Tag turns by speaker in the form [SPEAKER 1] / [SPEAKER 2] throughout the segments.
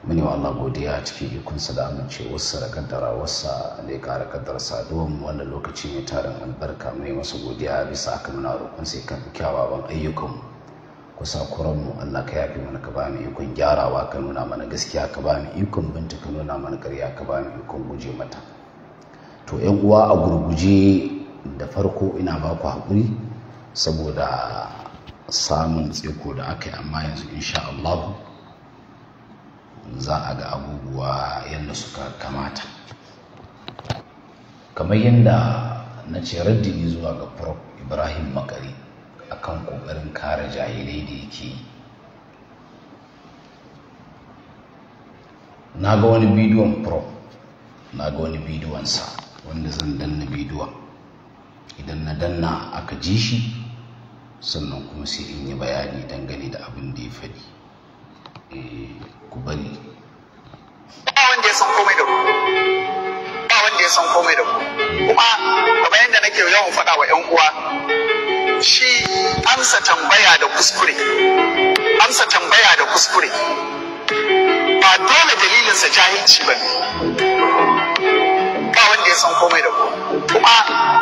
[SPEAKER 1] muni wa Allah godiya cikin ikonsa da wasu da kaddarawarsa da ya kara kaddarsa domin wannan lokaci mai tarin albarka mai masa godiya bisa aka muna roƙon sai kan kyawawan ayyukanmu kusa kuranmu Allah ka yafi mana ka bamu ikon gyarawa ka nuna mana gaskiya ka bamu ikon binta ka nuna mana ƙarya ka bamu ikon guje mata to ƴan uwa a gurguje da farko ina ba ku haƙuri saboda samun tsiko da aka yi amma yanzu insha Allah za a ga abubuwa yadda suka kamata kamar yadda na ce raddini zuwa ga prof ibrahim makari akan kokarin kare jahilai da yake yi na ga wani bidiyon prof na ga wani bidiyonsa wanda zan danna bidiyon idan na danna aka ji shi sannan kuma sai in yi bayani dangane da abin da ya faɗi
[SPEAKER 2] Eh, ku bari ba wanda ya san komai da ku ba wanda ya san komai da ku kuma kamar yadda nake yawan faɗa wa ƴan uwa shi amsa tambaya da kuskure amsa tambaya da kuskure ba dole dalilinsa jahilci ba ba wanda ya san komai da ku kuma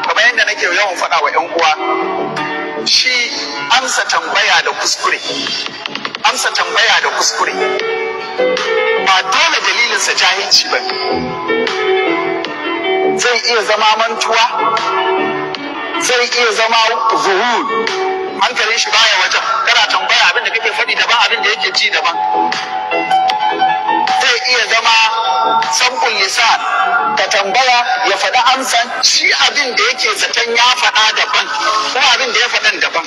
[SPEAKER 2] kamar yadda nake yawan faɗa wa 'yan uwa shi amsa tambaya da kuskure amsa tambaya da kuskure ba dole dalilinsa jahilci ba zai iya zama mantuwa zai iya zama zuhul hankalin shi baya wajen kana tambaya abin da kake faɗi daban abin da yake ji daban zai iya zama sankul lisan ka tambaya ya faɗi amsan shi abin da yake zaton ya faɗa daban ko abin da ya faɗan daban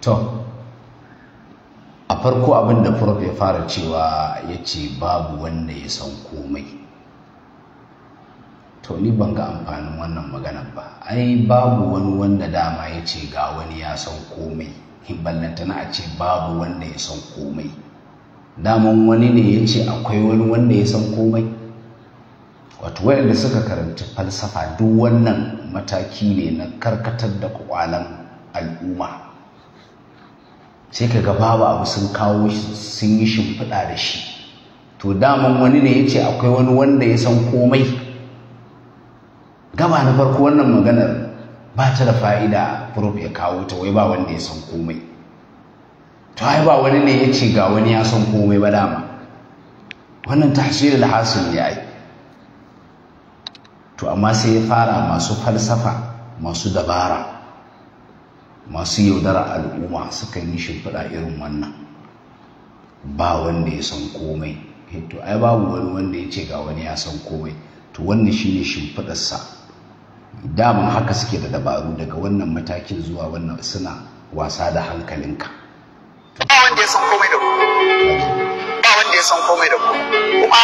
[SPEAKER 1] to a farko abin da prof ya fara cewa ya ce babu wanda ya san komai to ni ban ga amfanin wannan maganar ba ai babu wani wanda dama ya ce ga wani ya san komai ballantana a ce babu wanda ya san komai daman wani ne ya ce akwai wani wanda ya san komai wato waɗanda suka karanta falsafa duk wannan mataki ne na karkatar da kwakwalan al'umma sai ka ga babu abu sun kawo sun yi shimfiɗa da shi to daman wani ne ya ce akwai wani wanda ya san komai gaba na farko wannan maganar ba ta da fa'ida prof ya kawo ta wai ba wanda ya san komai to ai ba wani ne ya ce ga wani ya san komai ba dama wannan ta da hasil ya yi to amma sai ya fara masu falsafa masu dabara masu yaudara al'umma suka yi shimfiɗa irin wannan ba wanda ya san komai to ai babu wani wanda ya ce ga wani ya san komai to wannan shine shimfiɗarsa daman haka suke da dabaru daga wannan matakin zuwa wannan suna wasa da hankalinka
[SPEAKER 2] ba wanda ya san komai da ba wanda ya san komai da kuma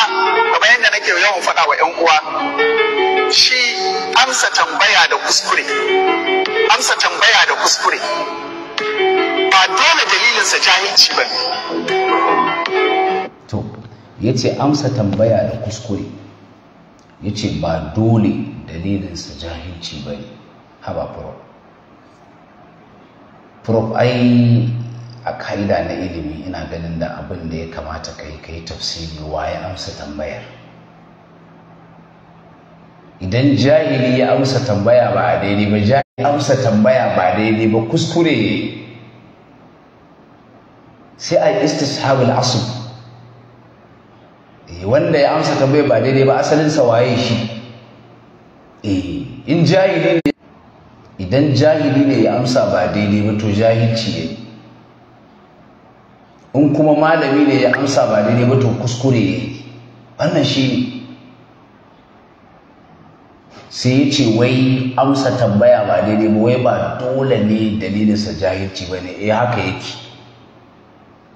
[SPEAKER 2] kamar yadda nake yawan faɗa wa 'yan uwa shi amsa tambaya da kuskure amsa tambaya da kuskure ba dole dalilinsa jahilci ba
[SPEAKER 1] to ya ce amsa tambaya da kuskure ya ce ba dole dalilinsa jahilci ba haba prof prof ai a ka'ida na ilimi ina ganin da abin da ya kamata ka kai tafsiri waye amsa tambayar idan jahili ya amsa tambaya ba a daidai ba amsa tambaya ba daidai ba kuskure sai a istishabul asl eh, wanda ya amsa tambaya ba daidai ba asalin sa waye shi eh, in jahili ne idan jahili ne ya amsa ba daidai ba to jahilci ne in kuma malami ne ya amsa ba daidai ba to kuskure ne wannan shi ne sai ya ce wai amsa tambaya ba daidai ba wai ba dole ne dalilinsa jahilci ba ne ya eh, haka yake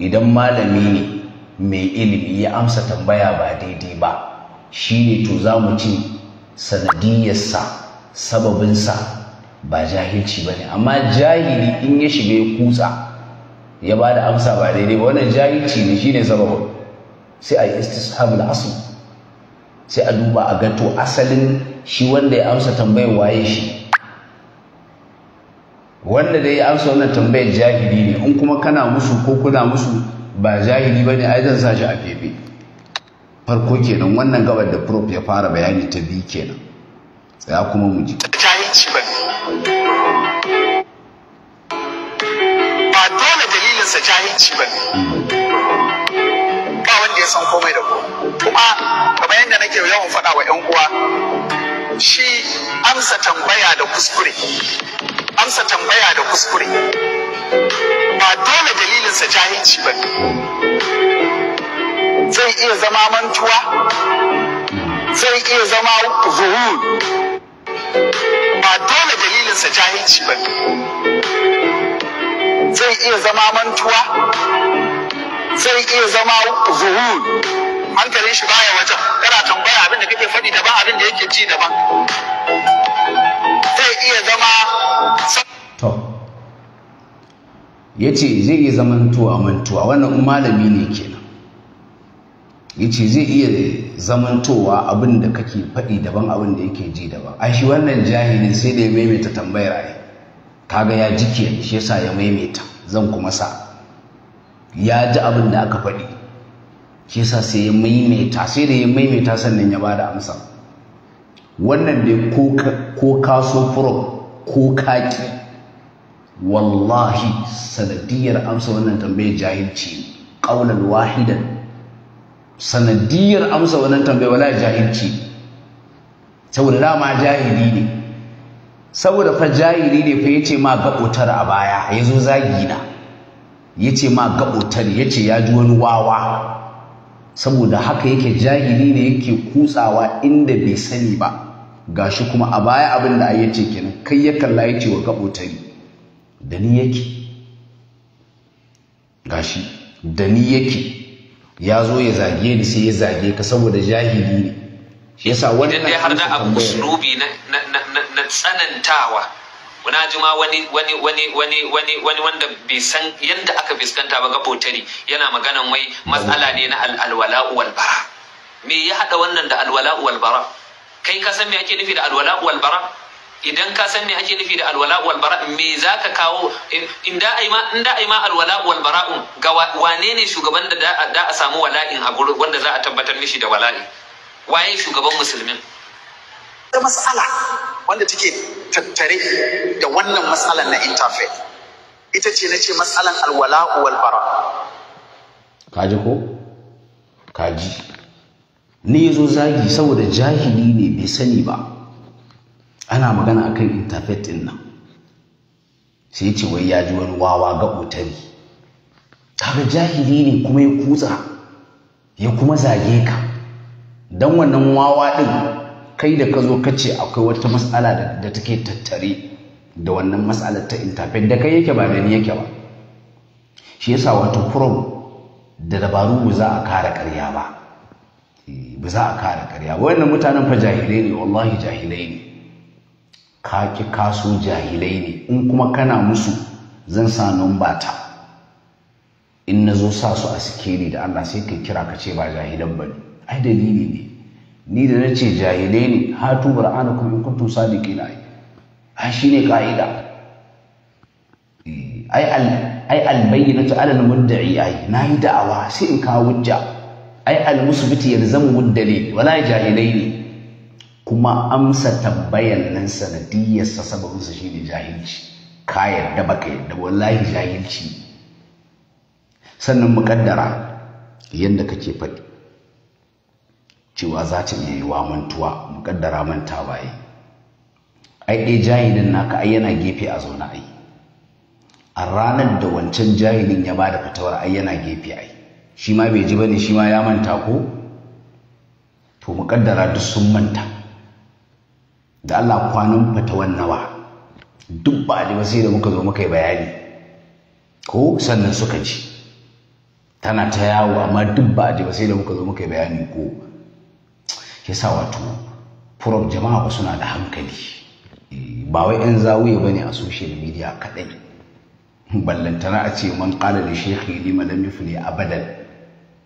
[SPEAKER 1] idan malami ne mai ilimi ya amsa tambaya ba daidai ba shine to za mu ce sanadiyarsa sababinsa ba jahilci ba ne amma jahili in ya shiga ya kutsa ya ba da amsa ba daidai ba wannan jahilci ne shine sababin sai a yi istishab al sai a duba a gato asalin shi wanda ya amsa tambayar waye shi wanda da ya amsa wannan tambayar jahili ne in kuma kana musu ko kuna musu ba jahili ba ne ai zan sa shi a fefe farko kenan wannan gabar da prof ya fara bayani ta biyu kenan tsaya kuma mu ji jahilci ba
[SPEAKER 2] ba dalilinsa ba ba wanda ya san komai da ku. kuma kamar yadda nake yawan faɗa wa 'yan uwa shi amsa tambaya da kuskure amsa tambaya da kuskure ba dole dalilinsa jahilci ba zai iya zama mantuwa zai iya zama zuhur ba dole dalilinsa jahilci ba zai iya zama mantuwa zai iya zama zuhur hankalin shi baya wajen kana tambaya abin da kake faɗi daban abin da yake ji daban zai iya zama
[SPEAKER 1] to ya ce zai iya zamantowa mantuwa wannan malami ne kenan ya ce zai iya zamantowa abin da kake faɗi daban abin da yake ji daban a shi wannan jahilin sai da ya maimaita tambayar ai kaga ya ji ke shi yasa ya maimaita zan kuma sa ya ji abin da aka faɗi shi yasa sai ya maimaita sai da ya maimaita sannan ya bada amsa wannan dai ko kaso furo ko kaki. wallahi sanadiyar amsa wannan tambayar jahilci ƙaunar wahidan sanadiyar amsa wannan tambayar wala jahilci saboda dama jahili ne saboda fa jahili ne fa yace ma gabotar a baya ya zo zagina ya ce ma gabotar ya ce ya ji wani wawa saboda haka yake jahili ne yake kutsawa inda bai sani ba gashi kuma a baya abin da ya ce kenan kai ya kalla ya ce wa gaɓotari da ni yake gashi da ni yake ya zo ya zage ni sai ya zage ka saboda jahili ne shi yasa wani
[SPEAKER 3] har da abu na tsanantawa na ji ma wani wani wani wani wani wani wanda bai san yadda aka fuskanta ba gabotari yana maganan wai matsala ne na alwala wal bara me ya hada wannan da alwala wal bara kai ka san me ake nufi da alwala wal bara idan ka san me ake nufi da alwala wal bara me zaka kawo in da ai ma in da ai ma alwala wal bara'un ga wane ne shugaban da da a samu wala'in a gurin wanda za a tabbatar mishi da wala'i waye shugaban musulmin
[SPEAKER 2] da matsala wanda take tattare da wannan matsalan na interfaith ita ce na ce matsalan alwala'u wal bara
[SPEAKER 1] kaji ko kaji ni yazo zagi saboda jahili ne bai sani ba ana magana akan interfaith din nan sai ce wai ya ji wani wawa ga otari kaga jahili ne kuma ya kutsa ya kuma zage ka dan wannan wawa din kai da ka zo ka ce akwai wata matsala da take tattare da wannan matsalar ta interfaith da kai yake ba da ni yake ba shi yasa wato prom da dabaru ba za a kara karya ba eh, ba za a kara karya wannan mutanen fa jahilai ne wallahi jahilai ne ka ki kaso jahilai ne in kuma kana musu zan sa numba ta in na zo sa su a sikeli da Allah sai ka kira ka ce ba jahilan bane ai dalili ne ni da nace jahilai ne hatu kuma in kuntum A shi ne ka'ida eh, ai al ta albayyinatu ala almudda'i na yi da'awa sai in kawo wujja ai almusbiti zama muddali wala jahilai ne kuma amsa tambayan nan sanadiyarsa sababinsa shi ne jahilci ka yadda baka yadda wallahi jahilci sannan muƙaddara yadda kake faɗi cewa za ta iya yi wa mantuwa muƙaddara manta baye ai dai jahilin naka ai yana gefe a zauna ai a ranar da wancan jahilin ya ba da fitawar ai yana gefe ai shi ma bai ji ba ne shi ma ya manta ko to muƙaddara duk sun manta da Allah kwanan fatawar nawa duk ba a sai da muka zo muka yi bayani ko sannan suka ji tana ta yawo amma duk ba a sai da muka zo muka yi bayani ko ke sa wato furof jama'a ba suna da hankali ba wai 'yan zawiya ba ne a social media kaɗai ballantana a ce man ƙala da shekhi lima lam yufli abadan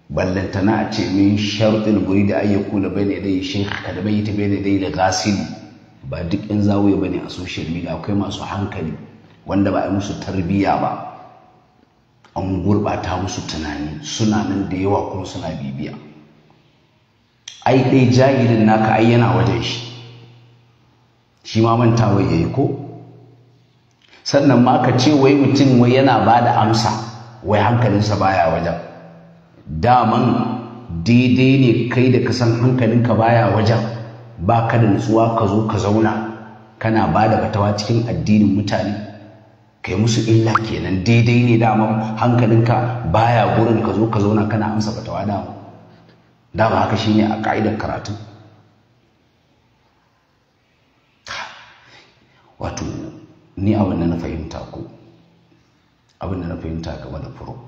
[SPEAKER 1] ballantana a ce min sharuɗin guri da ayyar kula bai ne dai shekhi kada bai ta bai ne dai da gasili ba duk 'yan zawiya ba ne a social media akwai masu hankali wanda ba a yi musu tarbiyya ba an gurɓata musu tunani suna nan da yawa kuma suna bibiya ai dai jahilin naka ai yana wajen shi shi ma mantawa ya yi ko sannan ma ka ce wai mutum wai yana ba da amsa wai hankalinsa baya wajen daman daidai ne kai da kasan hankalinka baya wajen ba ka da nutsuwa ka zo ka zauna kana ba da fatawa cikin addinin mutane kai musu illa kenan daidai ne daman hankalinka baya gurin ka zo ka zauna kana amsa fatawa daman dama haka shine a ka'idar karatu wato ni abin da na fahimta ko abin da na fahimta game da furo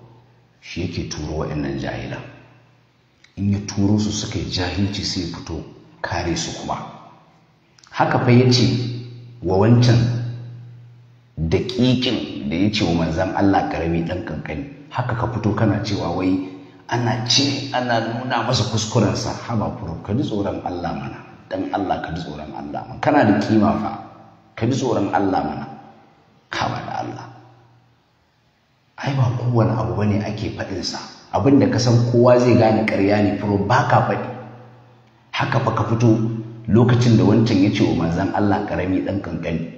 [SPEAKER 1] shi yake turo wa'annan jahila. in ya turo su suka yi jahilci sai fito kare su kuma haka fa yace wa wancan daƙiƙin da ya ce wa manzan Allah karami dan ƙanƙani haka ka fito kana cewa wai ana ce ana nuna masa kuskurensa haba furo ka ji tsoron Allah mana dan Allah ka ji tsoron Allah mana kana da kima fa ka ji tsoron Allah mana haba da Allah ai ba kowane abu bane ake faɗin sa abinda ka san kowa zai gane ƙarya ne furo baka faɗi haka fa ka fito lokacin da wancan ya ce wa manzon Allah karami ɗan kankani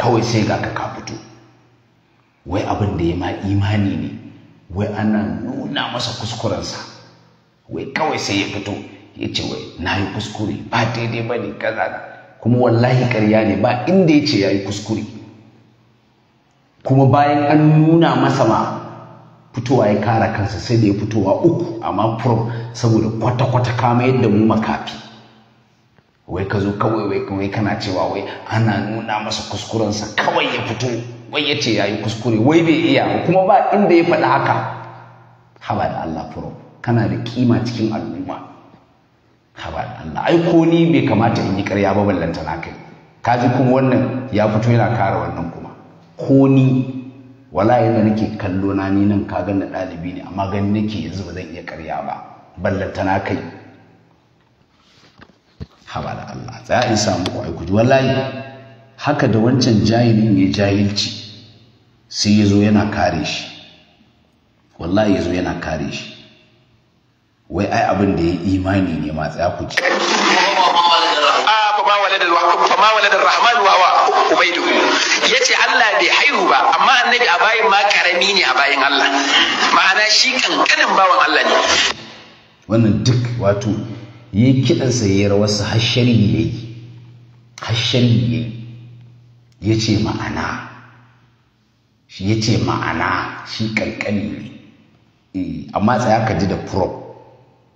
[SPEAKER 1] kawai sai ga ka ka fito wai abin da ya ma imani ne wai ana nuna masa kuskurensa wai kawai sai ya fito ya ce wai na yi kuskure ba daidai ba ne kaza kuma wallahi karya ne ba inda ya ce ya yi kuskure kuma bayan an nuna masa ma fitowa ya kara kansa sai da ya fitowa uku amma prom saboda kwata-kwata kama yadda mu makafi wai ka zo kawai wai kana cewa wai ana nuna masa kuskurensa kawai ya fito wai ya ce ya yi kuskure wai bai iya kuma ba inda ya faɗi haka haba da Allah furo kana da kima cikin al'umma haba da Allah ai ni bai kamata in yi karya ba ballanta na kai ji kuma wannan ya fito yana kara wannan kuma ko ni wala yadda nake kallo na ni nan ka ganna ɗalibi ne amma gani nake yanzu ba zan iya karya ba ballanta na kai haba da Allah tsaya in samu ku aikuji wallahi haka da wancan jahilin ya jahilci sai ya zo yana kare shi wallahi ya zo yana kare shi wai ai abin da ya yi imani ne ma tsaya ku ci ya ce
[SPEAKER 2] Allah bai haihu ba amma annabi a bayan ma karami ne a bayan Allah ma'ana shi kankanin bawan
[SPEAKER 3] Allah ne
[SPEAKER 1] wannan duk wato ya yi kiɗan sayayyar wasu hashari ya yi hashari ya yi ya ce ma'ana shi ya ce ma'ana shi ƙanƙani ne eh, amma sai aka ji da prop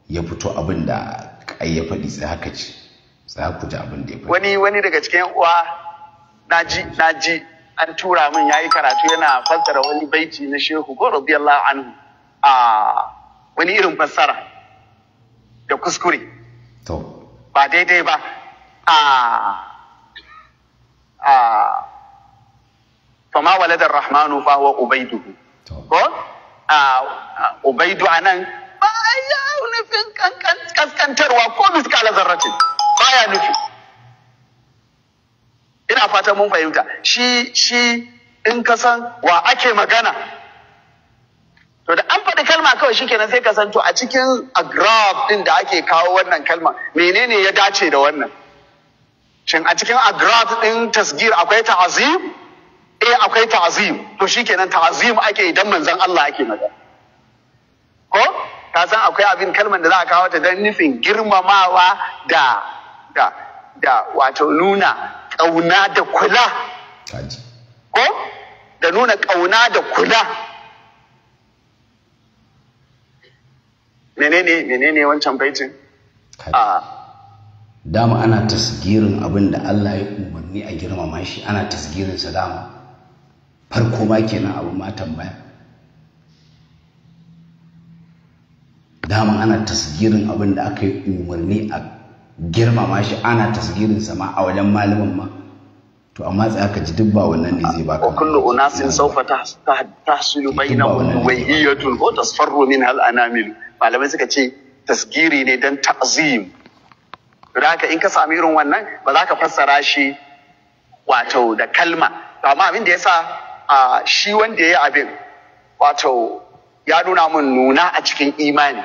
[SPEAKER 1] ya fito abin da ya faɗi sai haka ci sai
[SPEAKER 2] ku ji abin da ya faɗi wani wani daga cikin uwa naji naji an tura min yayi karatu yana fassara wani baiti na shehu ko radiyallahu anhu a wani irin fassara da kuskure to ba daidai ba a a fama waladar rahmanu fa huwa ko a ubaidu anan ba ya nufin kaskantarwa ko miskala zarratin ya nufi ina fata mun fahimta shi shi in ka san wa ake magana to da an faɗi kalma kawai shi kenan sai ka san to a cikin agrab ɗin da ake kawo wannan kalma menene ya dace da wannan shin a cikin agrab ɗin tasgir akwai ta'azim eh akwai ta'azim to shikenan ta'azim ake idan manzon Allah ake magana ko ka san akwai abin kalmar da za a kawo ta dan nufin girmamawa da da da wato nuna ƙauna da kula ko da nuna ƙauna da kula menene menene wancan baitin a ah.
[SPEAKER 1] dama ana tasgirin abin da Allah ya umarni a girmama shi ana tasgirin salama. farko koma kenan abu ma tambaya dama ana tasgirin abin da aka yi umarni a girmama shi ana tasgirin sama a wajen malamin ma to amma tsaya aka ji duk ba wannan ne zai baka
[SPEAKER 2] kullu unasin sawfa tahsulu bainahum wayyatun wa tasfarru min hal anamil malamai suka ce tasgiri ne dan ta'zim raka in ka sami irin wannan ba za ka fassara shi wato da kalma amma abin da yasa a shi wanda ya yi abin wato ya nuna min nuna a cikin imani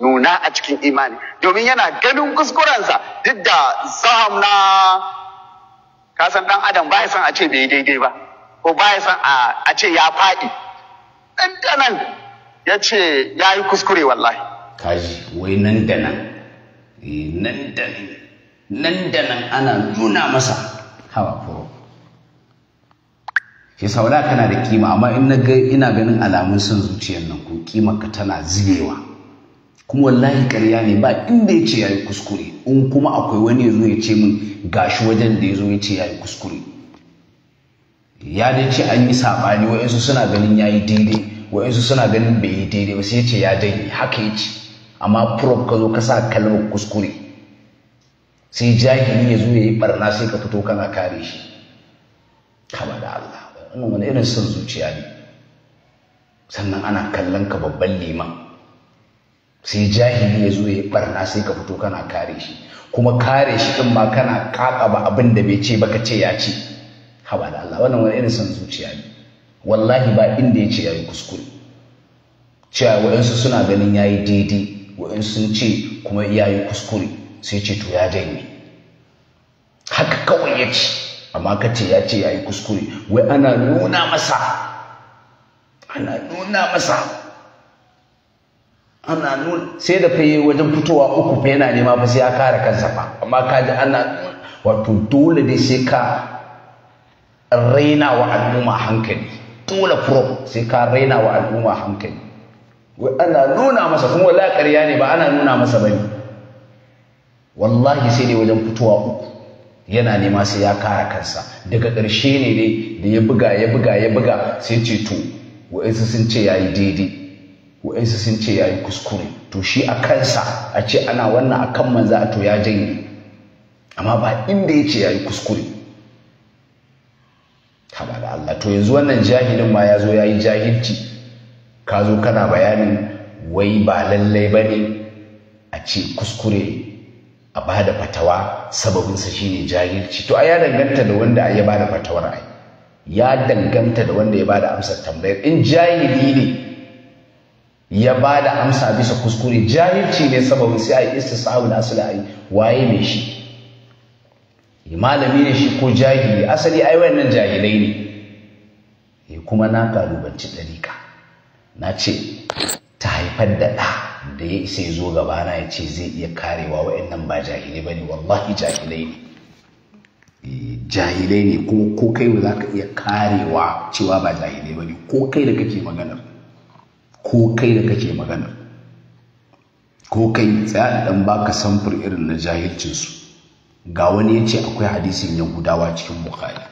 [SPEAKER 2] nuna a cikin imani domin yana ganin kuskurensa duk da zaham na kasan dan adam ba ya san a ce bai daidai ba ko ba ya san a ce ya faɗi ɗanɗanan ya ce ya yi kuskure wallahi
[SPEAKER 1] kaji wai nan da
[SPEAKER 2] nan eh, nan
[SPEAKER 1] da nan ana nuna masa hawa shi saura kana da kima amma in na ga ina ganin alamun son zuciyar nan ko kima ka tana zubewa kuma wallahi karya ne ba inda ya ce ya yi kuskure in kuma akwai wani ya zo ya ce min gashi wajen da ya zo ya ce ya yi kuskure ya dai ce an yi saɓani wa'insu suna ganin ya yi daidai wa'insu suna ganin bai yi daidai ba sai ya ce ya daidai haka ya ce amma prof ka zo ka sa kalmar kuskure sai jahili ya zo ya yi barna sai ka fito kana kare shi kama da Allah wannan wani irin son zuciya ne sannan ana kallon ka babban liman sai jahili ya zo ya barna sai ka fito kana kare shi kuma kare shi din ma kana kaka ba abin da bai ce baka ce ya ce haba da Allah wannan wani irin son zuciya ne wallahi ba inda ya ce ya yi kuskure cewa waɗansu suna ganin ya yi daidai waɗansu sun ce kuma ya yi kuskure sai ce to ya janye haka kawai ya ce amma ka ce ya ce ya yi kuskure wai ana nuna
[SPEAKER 2] masa ana nuna masa
[SPEAKER 1] ana nuna sai da faye wajen fitowa uku fa yana nema ba sai ya kare kansa ba amma ka ji ana wato dole dai sai ka raina wa al'umma hankali dole furo sai ka raina wa al'umma hankali wai ana nuna masa kuma wala ƙarya ne ba ana nuna masa ba ne, wallahi sai ne wajen fitowa uku yana nema sai ya kara kansa daga ƙarshe ne ne da ya buga ya buga ya buga sai ce to wa'insu sun ce ya yi daidai wa'insu sun ce ya yi kuskure to shi a kansa a ce ana wannan a kan manza a to ya janye amma ba inda ya ce ya yi kuskure kama da Allah to yanzu wannan jahilin ma ya zo ya yi jahilci ka zo kana bayanin wai ba lallai ba ne a ce kuskure a ba da fatawa sababinsa shine jahilci to a ya danganta da wanda ya ba da fatawar ai ya danganta da wanda ya ba da amsar tambayar in jahili ne ya ba da amsa bisa kuskure jahilci ne sababin sai a yi istisahu da asali a waye ne shi malami ne shi ko jahili asali ai wayannan jahilai ne eh, kuma na kalubanci ɗariƙa na ce ta haifar da ɗa da ya isa zo gaba na ya ce zai iya karewa wa'annan ba jahilai ba ne wallahi jahilai ne eh, jahilai ne kuma ko kai ba za ka iya karewa cewa ba jahilai ba ne ko kai da kake maganar ko kai da kake maganar ko kai tsaya dan baka samfur irin na jahilcinsu ga wani ya ce akwai hadisin yahudawa cikin bukhari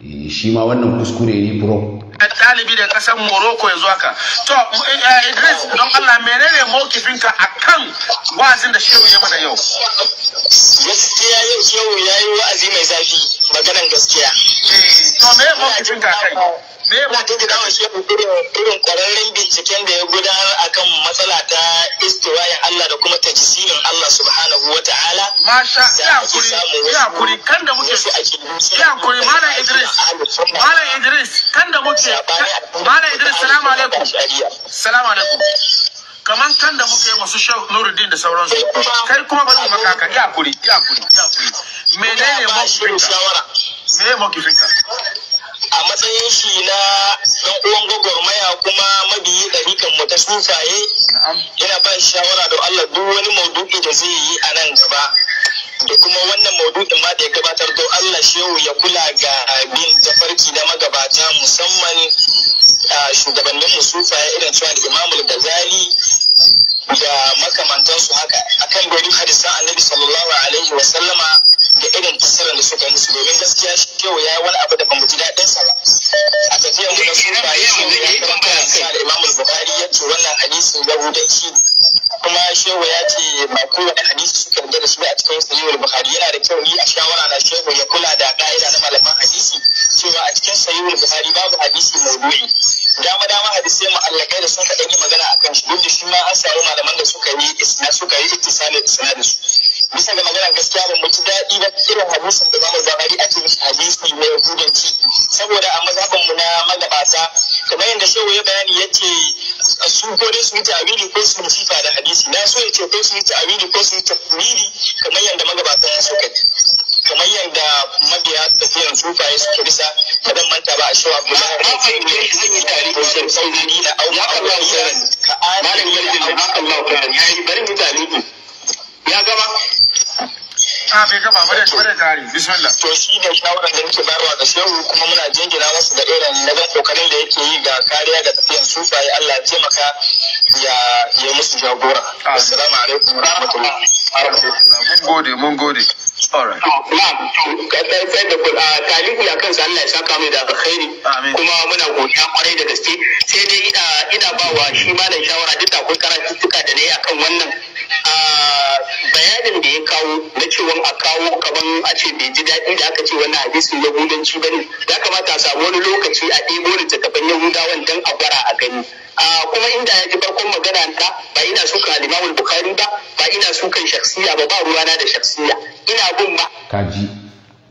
[SPEAKER 1] Eh, shi ma wannan
[SPEAKER 2] kuskure ne bro ɗalibi da ƙasar morocco ya zuwa ka to eh, eh, idris don allah menene mokifinka a kan wa'azin da shehu ya mana yau gaskiya yau shehu ya yi wa'azi mai zafi maganan gaskiya to me mokifinka kai na jinjinawa shi irin kwararren binciken da ya gudanar akan matsala ta istiwayin Allah da kuma tajisirin Allah subhanahu wa ta'ala masha ya kuri ya kuri kan da muke ya kuri malam Idris malam Idris kan da muke malam Idris salamu alaikum salamu alaikum kaman kan da muke masu shau nuruddin da sauransu kai kuma ba zai maka kan ya kuri ya kuri ya kuri menene mafi shawara menene mafi a matsayin shi na ɗan uwan gwagwarmaya kuma mabiyi ɗarikan mu ta sufaye yana ba shawara da Allah duk wani maudu'i da zai yi a nan gaba da kuma wannan maudu'in ma da ya gabatar don Allah shehu ya kula ga bin tafarki na magabata musamman shugabannin mu sufaye irin cewa Imamul Ghazali da makamantansu haka akan gari hadisan Annabi sallallahu alaihi wa sallama da irin fassarar da suka musu domin gaskiya shi yau ya wani abu da bamu ji daɗin sa ba a tafiyar mu na su ba yi su ne kan sa da Imam Bukhari ya ce wannan hadisin shi ne kuma shehu ya ce ba kowane hadisi suka rige da su a cikin sahihul bukhari yana da kyau ni a shawara na shehu ya kula da ka'ida na malaman hadisi cewa a cikin sahihul bukhari babu hadisi maudu'i dama dama hadisai allaka da sun ka yi magana akan shi duk da shi ma an samu malaman da suka yi isna suka yi ittisali isna da su bisa ga maganar gaskiya ba mu ji daɗi da irin hadisin da zamu zama yi a ce mishi hadisi na yahudanci saboda a mazhabin mu na magabata kamar yadda shehu ya bayani ya ce su ko dai su yi ta'awili ko su musifa da hadisi na so ya ce ko su yi ta'awili ko su yi tafwili kamar yadda magabata ya suka kamar yadda mabiya tafiyan sufaye suke bisa ka dan manta ba a shewa kuma zan yi tare ko shi sauri na auka Allah ya ka ana malam yarjin Allah ya yi bari mu talibi ya gama kafin ah, gaba bare bare jari bismillah to shi da shawaran da yake bayarwa ga shehu kuma muna jingina masa da irin na ga kokarin da yake yi ga kariya ga tafiyan sufaye Allah ya taimaka ya ya musu jagora ah. assalamu alaikum warahmatullahi mun gode mun gode Alright. Sai da kuɗa talibu ya kansa Allah ya saka mai da alkhairi. Kuma muna godiya kwarai da gaske. Sai dai ina ba wa shi malam shawara duk da akwai karatu da na ne akan wannan bayanin da ya kawo na cewa a kawo kaman a ce bai ji daɗi da aka ce wani hadisin yahudanci ba ne ya kamata a samu wani lokaci a ɗebo da littattafan yahudawan don a gwara a gani kuma inda ya ji farkon magana ta ba ina halima wani bukari ba ba ina kan shaksiya ba ba ruwana da shaksiya ina bin
[SPEAKER 1] ba kaji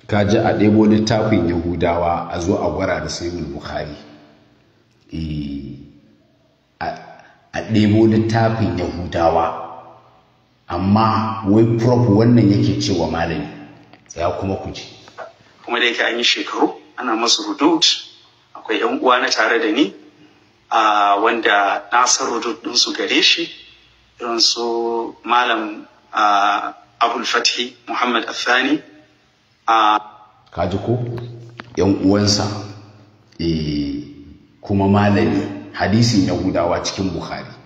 [SPEAKER 1] kaji a ɗebo littafin yahudawa a zo a gwara da sayyidul bukhari eh, a ɗebo littafin yahudawa amma wai prof wannan yake cewa malami ya kuma
[SPEAKER 2] kuje? kuma da yake an yi shekaru ana masu rudud akwai yan uwa na tare da ni a wanda na san rudud din su gare shi irin su malam abul fathi
[SPEAKER 1] muhammad afani a kaji ko yan uwansa eh, kuma malami hadisin yahudawa cikin bukhari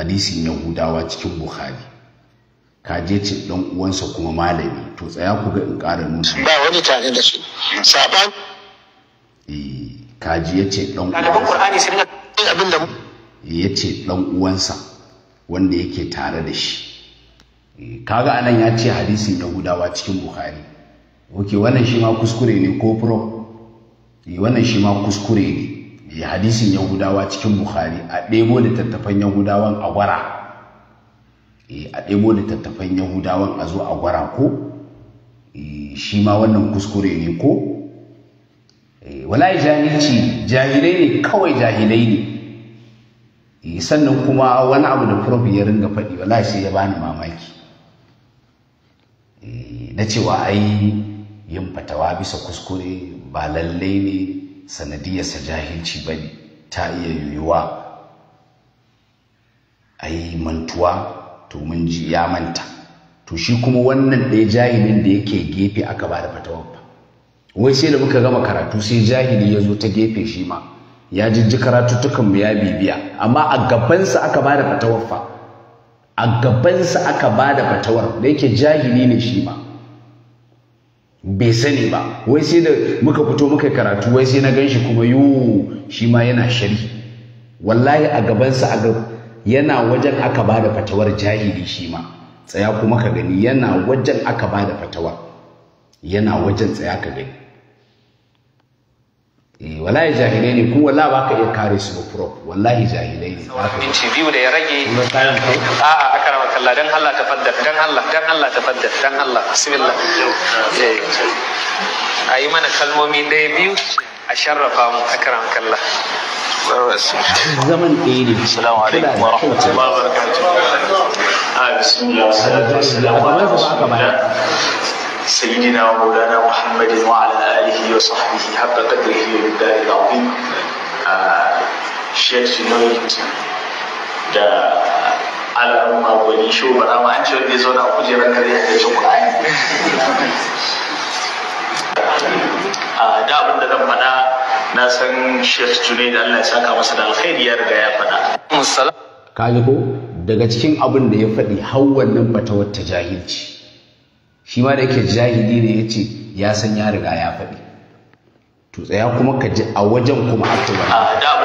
[SPEAKER 1] hadisin yahudawa cikin bukhari ka je ce dan uwansa kuma malami to tsaya ku ga in ƙara nuna
[SPEAKER 4] ba wani tare da su saban
[SPEAKER 1] eh kaji ya ce dan uwansa Qur'ani sai abin da eh, ya ce dan uwansa wanda yake tare da shi eh, kaga anan ya ce hadisin yahudawa cikin bukhari ok wannan shi ma kuskure ne ko pro eh, wannan shi ma kuskure ne hadisin yahudawa cikin bukhari a ɗebo littattafan yahudawan a gwara eh, a ɗebo littattafan yahudawan a zo a gwara ko eh, shi ma wannan kuskure ne ko eh, wala jahilci jahilai ne kawai jahilai ne sannan kuma wani abu da prof ya ringa faɗi wala sai ya bani mamaki na cewa ai yin fatawa bisa kuskure ba lallai ne sanadiyarsa jahilci ba ta iya yiwuwa a yi mantuwa to mun ji ya manta to shi kuma wannan ɗaya jahilin da yake gefe aka ba da fatawar ba wai sai da muka gama karatu sai jahili ya zo ta gefe shi ma ya jijji karatuttukan mu ya bibiya amma a gabansa aka ba da fatawar fa a gabansa aka ba da fatawar da yake jahili ne shi ma bai sani ba wai sai da muka fito muka karatu wai sai na ganshi kuma yiwu shi ma yana shari wallahi a gabansa a gab yana wajen aka ba da fatawar jahili shi ma tsaya kuma ka gani yana wajen aka ba da fatawa yana wajen tsaya ka gani eh, wallahi jahilai ne kuma ba baka iya kare su ba prof wallahi jahilai ne
[SPEAKER 3] minti da ya rage a'a الله دان الله تفضل دان الله دان الله تفضل دان الله بسم الله ayi mana kalmomi ɗaya biyu a sharrafa mu akram kallah
[SPEAKER 2] zaman ɗaya ne assalamu alaikum wa rahmatullahi wa
[SPEAKER 3] barakatuh a bismillah
[SPEAKER 2] wa salatu سيدنا ومولانا محمد وعلى آله وصحبه حق قدره ومقداره العظيم شيخ سنويت da alamun magwani shi ba na an ce wanda ya zo na kujerar kare ya gaji ƙur'ani da abin da zan faɗa na san Sheikh junai da allah ya saka masa da alkhairi ya riga ya faɗa
[SPEAKER 1] kaji ko daga cikin abin da ya faɗi har wannan fatawar ta jahilci shi ma da yake jahili ne ya ce ya san ya riga ya faɗi to tsaya kuma ka ji a wajen kuma aka
[SPEAKER 2] wani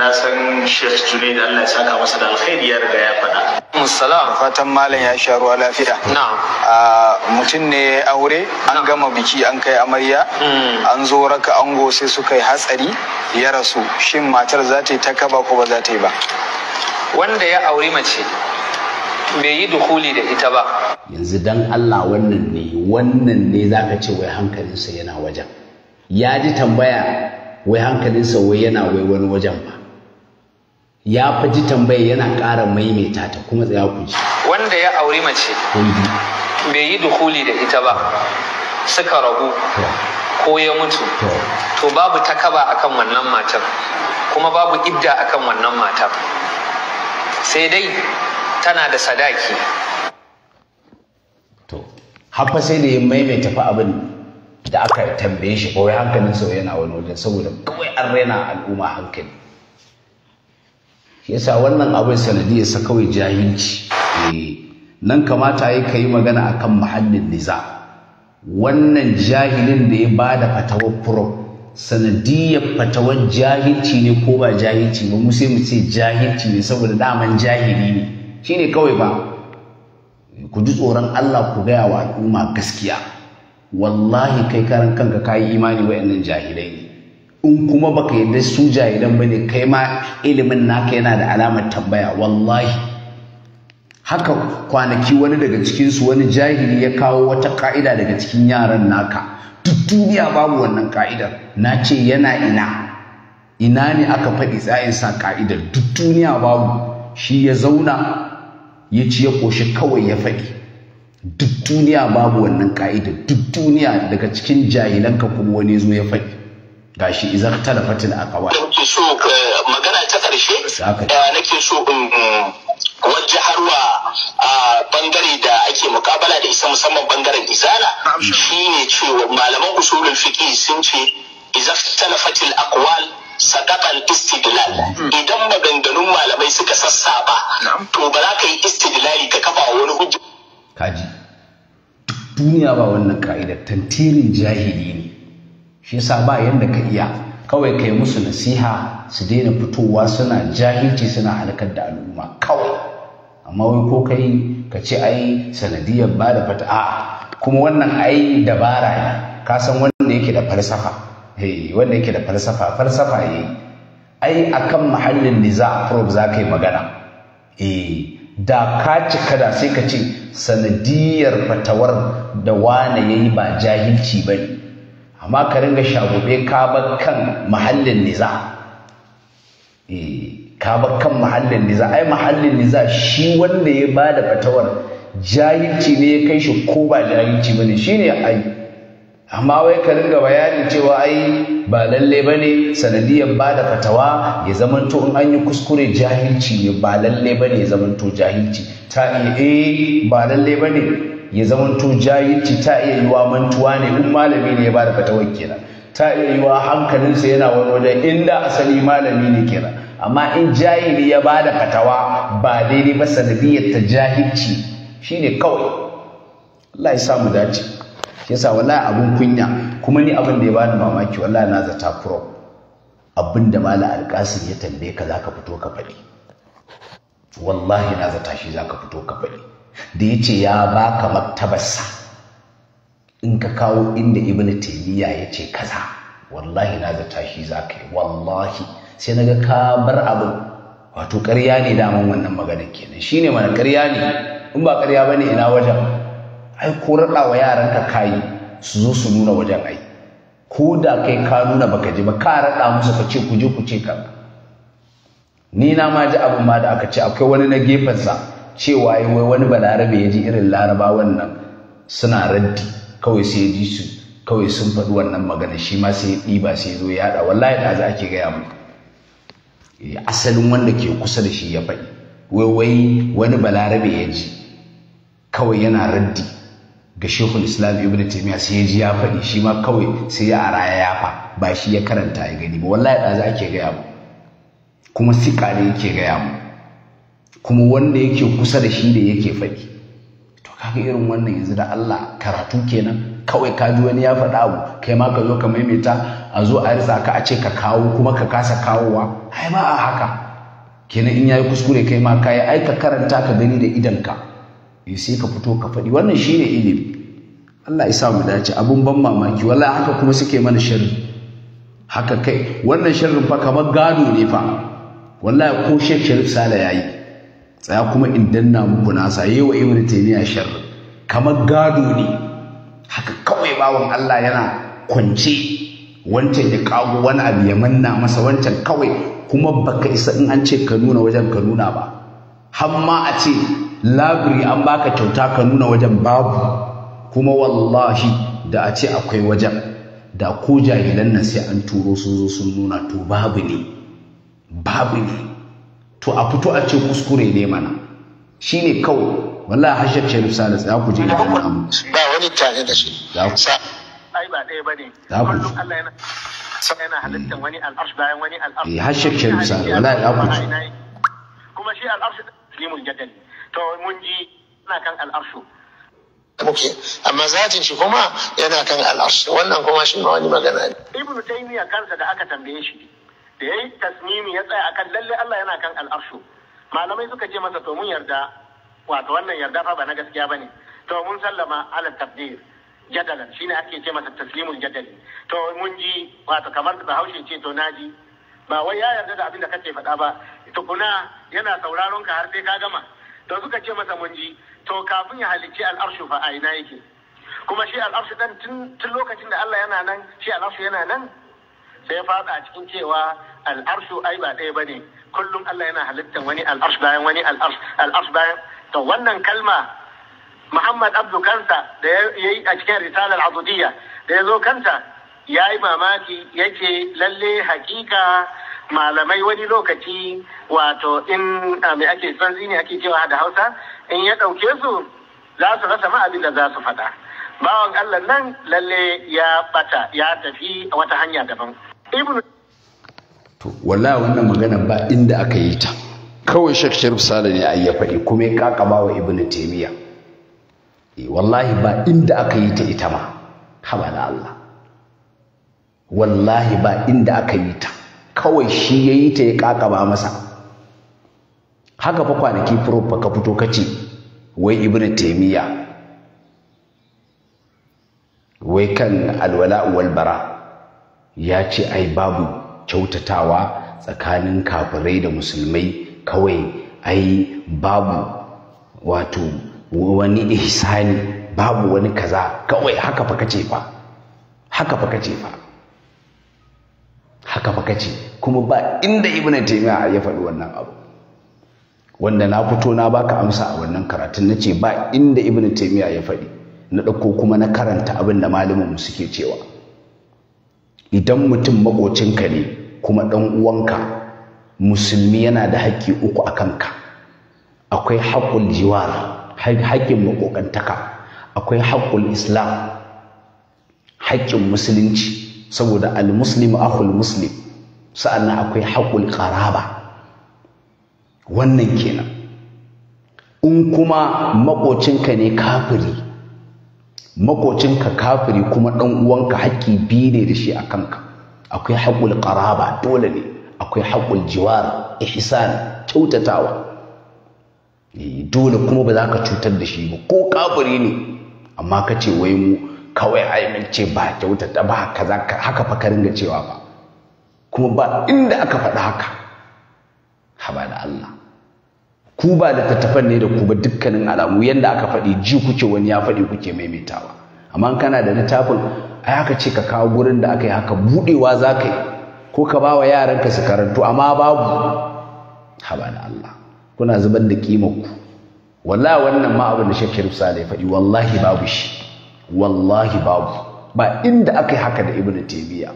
[SPEAKER 2] na san Sheikh Junaid Allah ya saka masa da alkhairi ya riga ya faɗa. Musalam. Fatan malam ya sha ruwa lafiya. Na'am. mutum ne aure an gama biki an kai amarya hmm. an zo raka
[SPEAKER 3] ango sai suka yi hatsari ya rasu shin matar za ta yi ta kaba ko ba za ta yi ba. Wanda ya auri mace bai yi dukuli da ita ba.
[SPEAKER 1] Yanzu dan Allah wannan ne wannan ne za ka ce wai hankalinsa yana wajen. Ya ji tambaya wai hankalinsa wai yana wai wani wajen ba. ya faji tambayi yana ƙara maimaita ta kuma tsaya ku ji
[SPEAKER 3] wanda ya auri mace bai yi dukuli da ita ba suka rabu ko ya mutu to babu takaba akan wannan matar kuma babu idda akan wannan matar sai dai tana da sadaki
[SPEAKER 1] to haka sai da ya maimaita fa abin da aka tambaye shi kawai hankalin sau yana wani wajen saboda kawai an raina al'umma hankali yasa wannan abin sanadiyarsa kawai jahilci eh, nan kamata ya yi magana a kan muhallin niza wannan jahilin da ya ba da fatawar furof sanadiyar fatawar jahilci ne ko ba jahilci ba mu sai mu ce jahilci ne saboda daman jahili ne Shi ne kawai ba ku ji tsoron Allah ku gaya wa al'umma gaskiya wallahi kai karan kanka kayi imani nan jahilai ne in kuma baka yarda su jahilan bane kai ma ilimin naka yana da alamar tambaya wallahi haka kwanaki wani daga cikinsu wani jahili ya kawo wata ka'ida daga cikin yaran naka duk duniya babu wannan ka'idar na ce yana ina ina ne aka faɗi tsayin sa ka'idar duk duniya babu shi ya zauna ya ci ya ƙoshi kawai ya faɗi duk duniya babu wannan ka'idar duk duniya daga cikin jahilanka kuma wani zo ya faɗi gashi izar a kawai. nake
[SPEAKER 2] so eh, magana ta karshe
[SPEAKER 1] eh,
[SPEAKER 2] nake so in mm, harwa a bangare da ake mukabala da isa musamman bangaren Izana, izala ne cewa malaman usulun fiki sun ce idza a aqwal sadaqal istidlal hmm. idan maganganun malamai suka ba to ba za ka yi istidlali ka kafa wani hujja kaji
[SPEAKER 1] duniya ba wannan ka'idar tantirin jahili ne shi yasa ba yanda ka iya kawai kai musu nasiha su daina fitowa suna jahilci suna halakar da al'umma kawai amma wai ko kai ka ce ai sanadiyar ba da fata a kuma wannan ai dabara ne ka san wanda yake da falsafa wanda yake da falsafa falsafa ne. ai akan mahallin niza prob za ka yi magana eh da ka cika da sai ka ce sanadiyar fatawar da wane yayi ba jahilci ba amma ka ringa shagube ka bar kan mahallin niza eh, ka bar kan mahallin niza ai mahallin niza shi wanda ya bada da fatawar jahilci ne ya kai shi ko ba jahilci ba ne shi ai amma wai ka ringa bayanin cewa ai ba lalle ba ne sanadiyar ba da fatawa ya zamanto in an yi kuskure jahilci ne ba lalle ba ne ya zamanto jahilci ta iya eh ba lalle ba ne ya zamanto jahilci ta iya yiwa mantuwa ne in malami ne ya bada fatawar kenan ta iya yiwa hankalinsa yana wani wajen inda asali malami ne kenan amma in jahili ya bada fatawa ba daidai ba sanadiyar ta jahilci shine kawai Allah ya samu dace shi yasa wallahi abun kunya kuma ni abin da ya bani mamaki wallahi na zata pro abin da mala ya tambaye ka zaka fito ka faɗi wallahi na zata shi zaka fito ka faɗi da ya ce ya baka maktabarsa in ka kawo inda ibn taymiya ya ce kaza wallahi na zata shi za ka yi wallahi sai na ga ka bar abin wato ƙarya ne daman wannan magana kenan shi ne mana ƙarya ne in ba ƙarya ba ne ina wajen ai ko raɗa wa yaranka kayi su zo su nuna wajen ai ko da kai ka nuna baka ji ba ka raɗa musu ka ce ku je ku ce ka ni na ma ji abin ma da aka ce akwai wani na gefensa cewa yi wai wani balarabe ya ji irin laraba wannan suna raddi kawai sai ji su kawai sun faɗi wannan magana shi ma sai ɗiba sai zo ya haɗa wallahi da za ake gaya mu eh, asalin wanda ke kusa da shi ya faɗi wai wai wani balarabe ya ji kawai yana raddi ga shekul islam ibn taimiyya sai ya ji ya faɗi shi ma kawai sai ya araya ya fa ba shi ya karanta ya gani ba wallahi da za ake gaya mu kuma siƙa ne yake gaya mu kuma wanda yake kusa da shi da yake faɗi to kaga irin wannan yanzu da Allah karatu kenan kawai ka ji wani ya faɗi abu kai ma ka zo ka maimaita a zo a risa ka a ce ka kawo kuma ka kasa kawowa ai ba a haka kenan in yayi kuskure kai ma ka yi ai ka karanta ka gani da idanka eh, sai ka fito ka faɗi wannan shine ilimi Allah ya sa mu dace abun ban mamaki wallahi haka kuma suke mana sharri haka kai wannan sharrin fa kamar gado ne fa wallahi ko Sheikh Sharif Sale yayi tsaya kuma in danna muku nasa yi wa ibn taymiya shar kamar gado ne haka kawai bawan Allah yana kwance wancan ya kago wani abu ya manna masa wancan kawai kuma baka isa in an ce ka nuna wajen ka nuna ba Hamma a ce labiri an baka kyauta ka nuna wajen babu kuma wallahi da a ce akwai wajen da ko jahilan nan sai an turo sun zo sun nuna to babu ne babu ne to a fito a ce kuskure ne mana shi ne kawai wallahi hashar sharif salis za ku je da ba wani tare da shi za ku ai ba ɗaya ba za ku Allah yana
[SPEAKER 4] yana halittar wani al'arsh bayan wani al'arsh eh ku kuma shi al'arsh kan amma zatin shi kuma yana kan al'arsh wannan kuma shi ma wani magana ne ibnu taymiya kansa da aka tambaye shi da ya yi tasmimi ya tsaya akan lalle Allah yana kan al'arshu malamai suka ce masa to mun yarda wato wannan yarda fa ba na gaskiya bane to mun sallama ala tabdir jadalan shine ake ce masa taslimul jadali to mun ji wato kamar da Bahaushe ce to naji ba wai ya yarda da abin da kake faɗa ba tukuna yana sauraron ka har sai ka gama to suka ce masa mun ji to kafin ya halicci al'arshu fa a ina yake kuma shi al'arshu dan tun lokacin da Allah yana nan shi al'arshu yana nan sai faɗa cikin cewa al'arshu ai ba ɗaya bane kullum Allah yana halittar wani al'arsh bayan wani al'arsh bayan to wannan kalma Muhammad Abdu kansa da ya yi a cikin risalar azudiyya da ya zo kanta ya yi mamaki yake lalle hakika malamai wani lokaci wato in mai ake tsanzi ne ake cewa da hausa in ya ɗauke su za su rasa ma abin da za su faɗa bawan Allah nan lalle ya bata ya tafi wata hanya daban to
[SPEAKER 1] wallahi wannan magana ba inda aka yi ta kawai shek sharif sale ne ai ya faɗi kuma ya kakaba wa ibn taymiya eh, wallahi ba inda aka yi ta ita ma haba Allah wallahi ba inda aka yi ta kawai shi ya yi ta ya kakaba masa haka fa kwanaki furofa ka fito ka ce wai Ibn taymiya wai kan alwala wal bara ya ce ai babu kyautatawa tsakanin kafirai da musulmai kawai ai babu wato wani ihsani babu wani kaza kawai haka fa kace fa haka fa kace fa haka fa kace kuma ba inda ibn taymiya ya faɗi wannan abu wanda na fito na baka amsa a wannan karatun nace ba inda ibn taymiya ya faɗi na ɗauko kuma na karanta abin da malamin mu suke cewa idan mutum maƙocinka ne kuma ɗan uwanka musulmi yana da haƙƙi uku a kanka akwai haƙƙul jiwar haƙin maƙoƙantaka akwai haƙƙul islam haƙƙin musulunci saboda almuslim akhul muslim sa'annan akwai haƙƙul ƙaraba wannan kenan in kuma maƙocinka ne kafiri makocinka kafiri kuma ɗan uwanka haƙƙi biyu ne da shi a kanka akwai haƙul ƙaraba dole ne akwai haƙul jiwar ihsan kyautatawa eh, dole kuma ba za ka cutar da shi ba ko kafiri ne amma ka ce wai mu kawai ai ce ba kyautata ba kaza haka fa ka cewa ba kuma ba inda aka faɗa haka haba da Allah ku ba da tattafan ne da ku ba dukkanin alamu yadda aka faɗi ji kuke wani ya faɗi kuke maimaitawa amma kana da littafin ai ka ce ka kawo gurin da aka yi haka buɗewa za ka yi ko ka ba wa yaranka su karantu amma babu haba da Allah kuna zubar da kimar ku wallahi wannan ma abin da Sheikh Sharif Saleh faɗi wallahi babu shi wallahi babu ba inda aka yi haka da Ibn Taymiyyah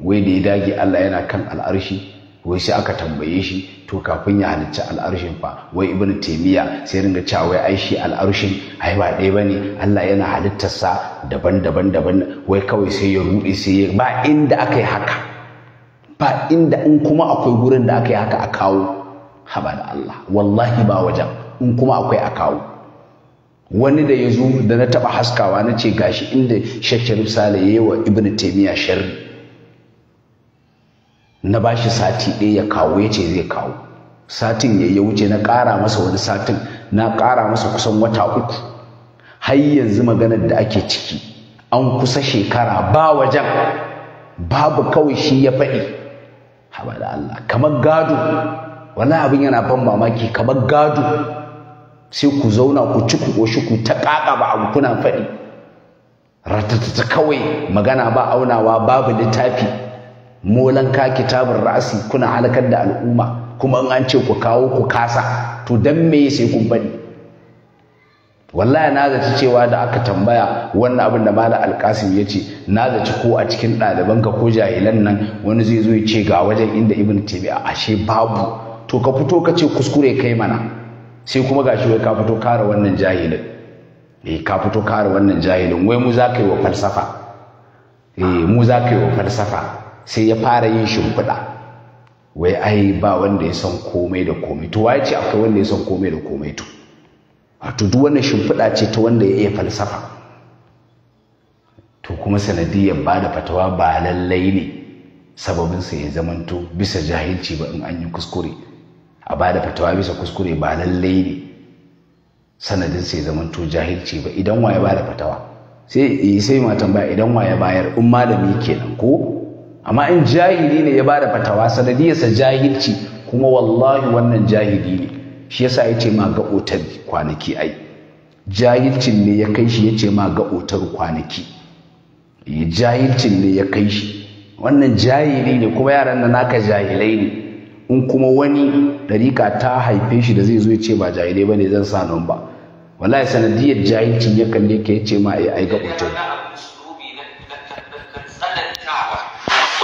[SPEAKER 1] wai da ya dage Allah yana kan al'arshi wai sai aka tambaye shi to kafin ya halicci al'arshin fa wai ibnu taymiya sai ringa cewa wai ai shi al'arshin ai ba ɗaya bane Allah yana halittarsa daban-daban daban wai kawai sai ya ruɗe sai ya ba inda aka haka ba inda in kuma akwai gurin da aka haka a kawo haba da Allah wallahi ba wajen in kuma akwai a kawo wani da ya zo da na taɓa haskawa na ce gashi inda shakkar sale ya yi wa ibnu taymiya sharri na ba shi sati ɗaya ya kawo ya ce zai kawo satin ya ya wuce na ƙara masa wani satin na ƙara masa kusan wata uku har yanzu maganar da ake ciki an kusa shekara ba wajen babu kawai shi ya faɗi haba da Allah kamar gado wani abin yana ban mamaki kamar gado sai ku zauna ku ci ku ƙoshi ku ta ƙaƙa ba abu kuna faɗi ratatata kawai magana ba aunawa babu littafi Molan ka kitabun ra'asi kuna halakar da al'umma kuma in an ce ku kawo ku kasa to dan me sai kun bani wallahi na zaci cewa da aka tambaya wannan abin da malam alkasim ya ce na zaci ko a cikin ɗalibanka ko jahilan nan wani zai zo ya ce ga wajen inda ibn a ashe babu to ka fito ka ce kuskure kai mana sai kuma gashi wai ka fito kare wannan jahilin eh ka fito kare wannan jahilin wai mu za ka yi wa falsafa eh mu za ka yi wa falsafa sai ya fara yin shimfiɗa wai ai ba wanda ya san komai da komai to waye ce akwai wanda ya san komai da komai to wato duk wannan shimfiɗa ce ta wanda ya iya falsafa to kuma sanadiyar ba da fatawa ba lallai ne sababinsa ya zamanto bisa jahilci ba in an yi kuskure a ba da fatawa bisa kuskure ba lallai ne sanadinsa ya zamanto jahilci ba idan waye ba da fatawa sai eh, sai matan ba idan waye bayar in malami kenan ko amma in jahili ne ya ba da fatawa sanadiyarsa jahilci kuma wallahi wannan jahili ne shi yasa ya ce ma ga otar kwanaki ai jahilcin ne ya kai shi ya ce ma ga otar kwanaki eh, jahilcin ne ya kai shi wannan jahili ne kuma yaran nan naka jahilai ne in kuma wani ɗarika ta haife shi da zai zo ya ce ba jahilai ba ne zan sa nan ba wallahi sanadiyar jahilcin ya kalle ka ya ce ma eh, ai ga otar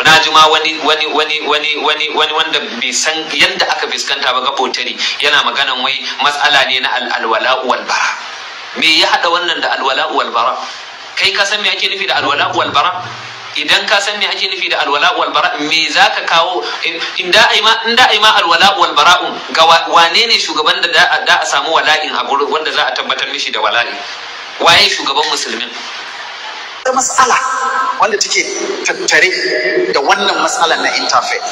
[SPEAKER 3] na ji ma wani wani wani wani wani wani wanda bai san yanda aka fuskanta ba gabotari yana maganan wai matsala ne na alwala wal bara me ya hada wannan da alwala wal bara kai ka san me ake nufi da alwala wal bara idan ka san me ake nufi da alwala wal bara me zaka kawo in da ai ma in da ai ma alwala wal bara'un ga wane ne shugaban da da a samu wala'in a gurin wanda za a tabbatar mishi da wala'i waye shugaban musulmin
[SPEAKER 2] da matsala wanda take tattare da wannan matsalan na interfaith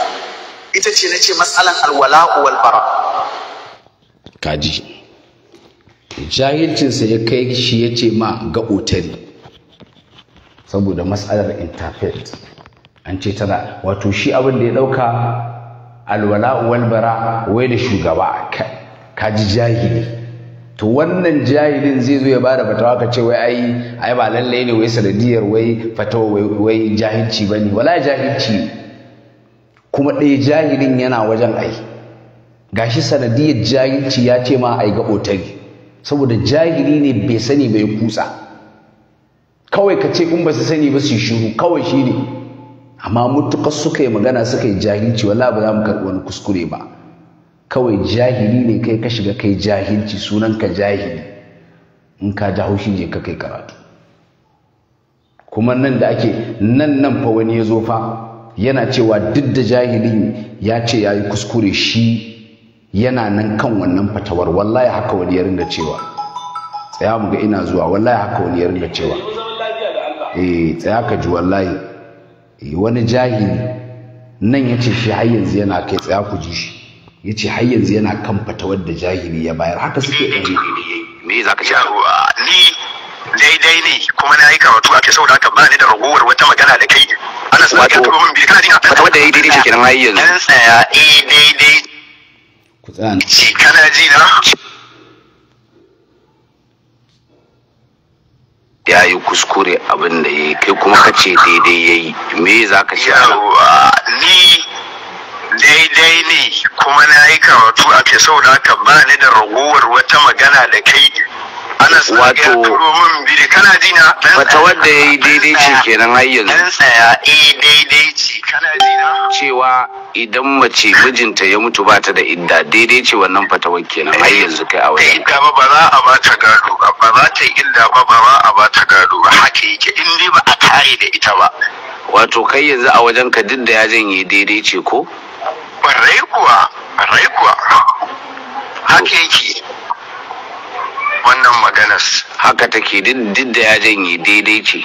[SPEAKER 2] ita ce na ce matsalan alwala wal bara
[SPEAKER 1] kaji jahilcinsa ya kai shi ya ce ma ga otari saboda matsalar interfaith an ce tana wato shi abin da ya ɗauka alwala wal bara wai da shugaba kaji jahili to wannan jahilin zai zo ya bada fatawa ka ce wai ai ai ba lalle ne wai sanadiyar wai fatawa wai jahilci bane wala jahilci kuma ɗaya jahilin yana wajen ai gashi sanadiyar jahilci ya ce ma ai ga otari saboda jahili ne bai sani bai kusa kawai ka ce in ba su sani ba su shiru kawai shi ne amma mutukar suka yi magana suka yi jahilci wala ba za mu karɓi wani kuskure ba kawai jahili ne kai ka shiga kai jahilci sunanka jahili in ka ji haushi ne ka kai karatu kuma nan da ake nan nan fa wani ya zo fa yana cewa duk da jahilin ya ce ya yi kuskure shi yana nan kan wannan fatawar wallahi haka wani ya ringa cewa tsaya mu ga ina zuwa wallahi haka wani ya ringa cewa eh tsaya ka ji wallahi eh, wani jahili nan ya ce shi har yanzu yana kai tsaya ku ji shi ya ce har yanzu yana kan fatawar wadda jahili ya bayar haka suke ɗari me za ka ce ni daidai
[SPEAKER 2] ne kuma na yi karatu a ke saboda haka ba ni da ragowar wata magana da kai ana sa ka tuba min bi kana jin fatawar da yayi daidai shi kenan yanzu dan tsaya eh daidai
[SPEAKER 1] ku tsaya ci
[SPEAKER 2] kana ji na
[SPEAKER 1] ya yi kuskure abin da ya yi kai kuma ka ce daidai ya yi me za ka ce
[SPEAKER 2] ni daidai ne kuma na yi karatu a ke da aka ba ni da ragowar wata magana da kai anas wato
[SPEAKER 4] kana ji na
[SPEAKER 1] wata wadda ya yi daidai ce kenan har yanzu dan tsaya eh daidai ce kana ji na cewa idan mace mijinta ya mutu ba ta da idda daidai ce wannan fatawar kenan har eh, yanzu kai a wajen ka eh, ba za a ba ta gado ba ba za ta yi idda ba ba za a ba ta gado ba haka yi in dai ba a tare da ita ba wato kai yanzu a wajen ka duk da ya janye daidai ce ko barai kuwa barai kuwa haka yake wannan maganas haka take duk da ya janye daidai ce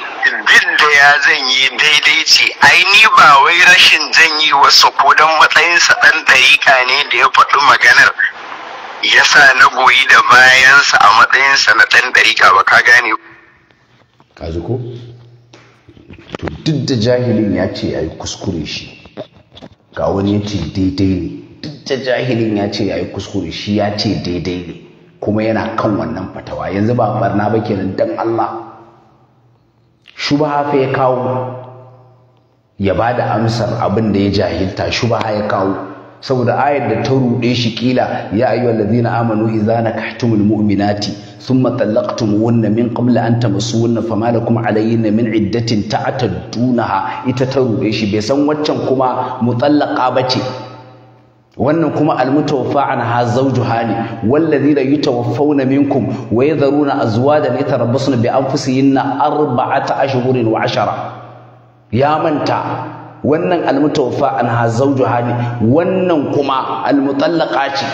[SPEAKER 1] duk da ya janye daidai ce ai ni ba wai rashin janye
[SPEAKER 2] wasu ko don matsayinsa ɗan ɗariƙa ne da ya faɗi maganar ya sa na goyi da bayansa a matsayinsa na ɗan ɗariƙa ba ka gane
[SPEAKER 1] ka ko to duk da jahilin ya ce yi kuskure shi ga wani ya ce daidai ne duk da jahilin ya ce ya yi kuskure shi ya ce daidai ne kuma yana kan wannan fatawa yanzu ba barna ba kenan dan Allah shubaha fa ya kawo ya ba da amsar abin da ya jahilta shubaha ya kawo saboda ayar da ta ruɗe shi kila ya ayyuhallazina amanu idza nakahtumul mu'minati thumma talaqtumuhunna min qabla an tamassuhunna fama lakum alayhinna min iddatin ta'taddunaha ita ta ruɗe shi bai san waccan kuma ba ce. wannan kuma almutawaffa an ha zawjuha ne wallazina yutawaffawna bai wa yadharuna azwajan yatarabbasna bi anfusihinna arba'ata ashhurin wa ashara ya manta wannan almutawaffa an ha zawjuha ne wannan kuma almutallaqa ce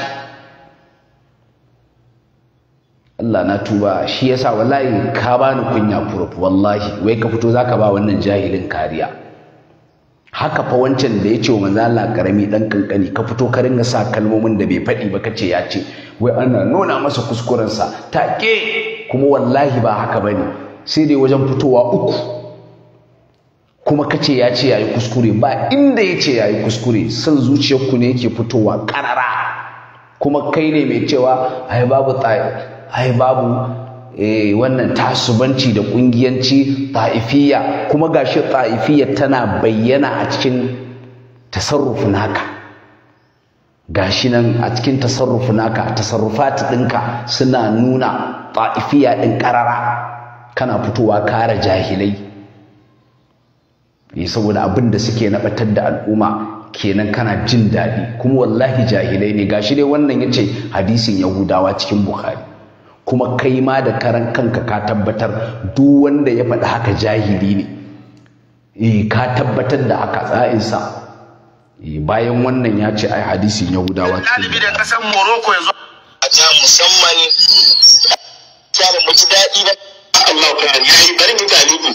[SPEAKER 1] Allah na tuba shi yasa wallahi ka bani kunya furup wallahi wai ka fito zaka ba wannan jahilin kariya haka fa wancan da ya ce wa manzo Allah karami dan kankani ka fito ka ringa sa kalmomin da bai fadi ba kace ya ce wai ana nuna masa kuskuren sa take kuma wallahi ba haka bane sai dai wajen fitowa uku kuma kace ya ce yayi kuskure ba inda yace yayi kuskure son zuciyarku ne yake fitowa karara kuma kai ne mai cewa ai babu ai babu eh, wannan tasubanci da kungiyanci ta'ifiyya kuma gashi ta'ifiyya tana bayyana a cikin tasarrufu naka gashi nan a cikin tasarruf naka tasarrufat ɗinka suna nuna ta'ifiyya ɗin ƙarara kana fitowa kare jahilai eh, saboda abin da suke naɓatar da al'umma kenan kana jin daɗi kuma wallahi jahilai ne gashi dai wannan ya ce hadisin yahudawa cikin bukhari kuma kai ma da karan kanka ka tabbatar duk wanda ya faɗi haka jahili ne eh ka tabbatar da haka tsa'insa e, bayan wannan ya ce ai hadisin yahudawa cikin
[SPEAKER 2] da kasan morocco yanzu a ta musamman ya ba mu ji daɗi ba Allah ya yi bari mu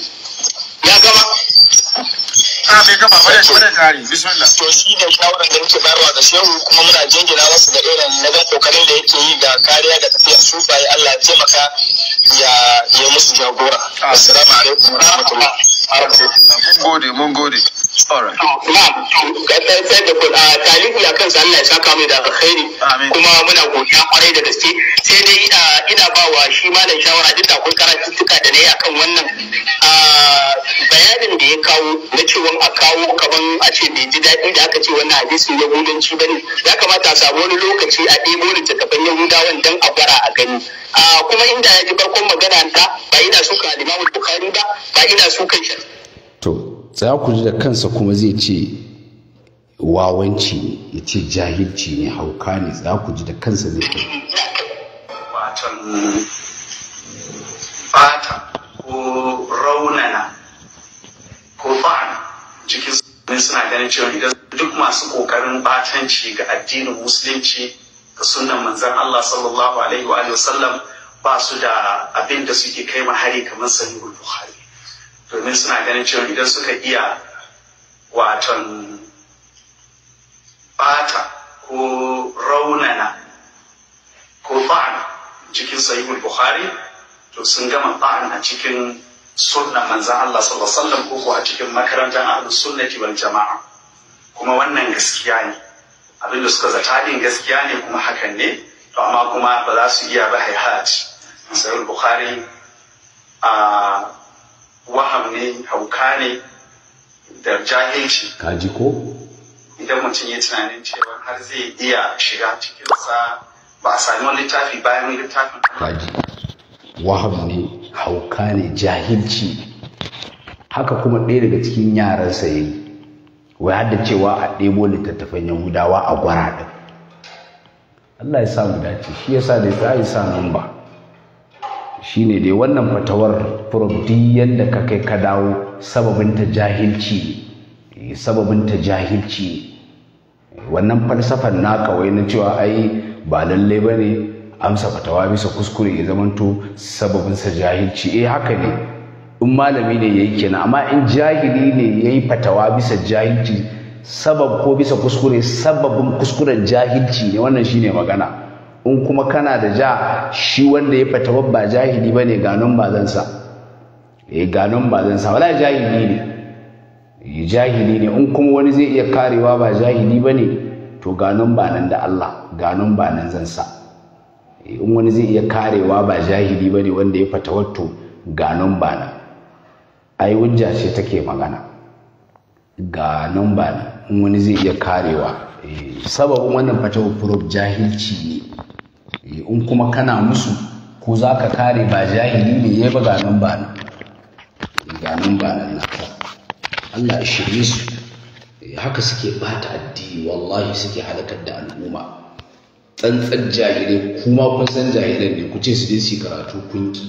[SPEAKER 2] ya gama a ah, bai gama ba da shi da tare bismillah to shi ne shawaran da muke bayarwa ga shehu kuma muna jingina wasu da irin na ga kokarin da yake yi ga kariya ga tafiyar sufaye Allah ya taimaka ya ya musu jagora ah. assalamu alaikum warahmatullahi ah, mun gode mun gode Ƙasar da kuɗa talibu ya kansa Allah ya saka mai da alkhairi kuma muna godiya kwarai da gaske sai dai ina ba wa shi malam shawara duk da akwai karatuttuka da nayi akan wannan bayanin da ya kawo na cewa a kawo kaman a ce bai ji daɗi da aka ce wannan hadisin yahudanci ba ne ya kamata a samu wani lokaci a ɗebo littattafan yahudawan don a gwara a gani kuma inda ya ji farkon magana ta ba ina suka alimamu bukari ba ba ina sukan shi.
[SPEAKER 1] za ku ji da kansa kuma zai ce wawanci ne ya ce jahilci ne hauka ne za ku ji da kansa zai ce fata ko raunana
[SPEAKER 2] ko ba'ana cikin sabbin suna ganin cewa idan duk masu kokarin batanci ga addinin musulunci ga sunan manzan Allah sallallahu alaihi wa sallam ba su da abin da suke kai hari kamar sahihul bukhari domin suna ganin cewa idan suka iya waton bata ko raunana ko ba'an cikin sahihul bukhari to sun gama ba'an a cikin sunan manzan Allah sallallahu alaihi wasallam ko a cikin makarantar ahlus sunnati wal jama'a kuma wannan gaskiya ne abin da suka zata din gaskiya ne kuma hakan ne to amma kuma ba za su iya ba haihaci sahihul bukhari a waham ne hauka ne da jahilci kaji
[SPEAKER 1] ko idan mutum ya tunanin cewa har zai iya shiga cikin sa, ba a sami wani littafi bayan littafin kaji waham ne hauka ne jahilci haka kuma ɗaya daga cikin yaransa ya yi wai har da cewa a ɗebo littattafan yahudawa a gwara ɗin Allah ya sa mu dace shi yasa da ya sa nan ba shine dai wannan fatawar furubdi yadda ka kai ka dawo sababin ta jahilci eh, sababin ta jahilci eh, wannan falsafan na wai na cewa ai ba lallai ba ne amsa fatawa bisa kuskure ya zamanto sababinsa jahilci eh haka ne in malami ne ya yi kenan amma in jahili ne ya yi fatawa bisa jahilci sabab ko bisa kuskure sababin kuskuren jahilci ne wannan shine magana in kuma kana da ja shi wanda ya fata babba jahili ba ne ganon bazansa ya eh, ganon bazansa wala jahili ne eh, jahili ne in kuma wani zai iya karewa ba jahili ba ne to ganon ba nan da Allah ganon ba nan zansa eh, in wani zai iya karewa ba jahili ba ne wanda ya fata wato ganon ba nan ai wujja ce take magana ganon ba nan in wani zai iya karewa sababin wannan fata wato jahilci ne Eh, in kuma kana musu ko za ka kare ba jahili ne ya ba ganin ba ganin ba nan eh, Allah ya shirye su eh, haka suke bata addini wallahi suke halakar da al'umma tsantsar jahilai kuma kun san jahilan ne ku ce su je karatu kunki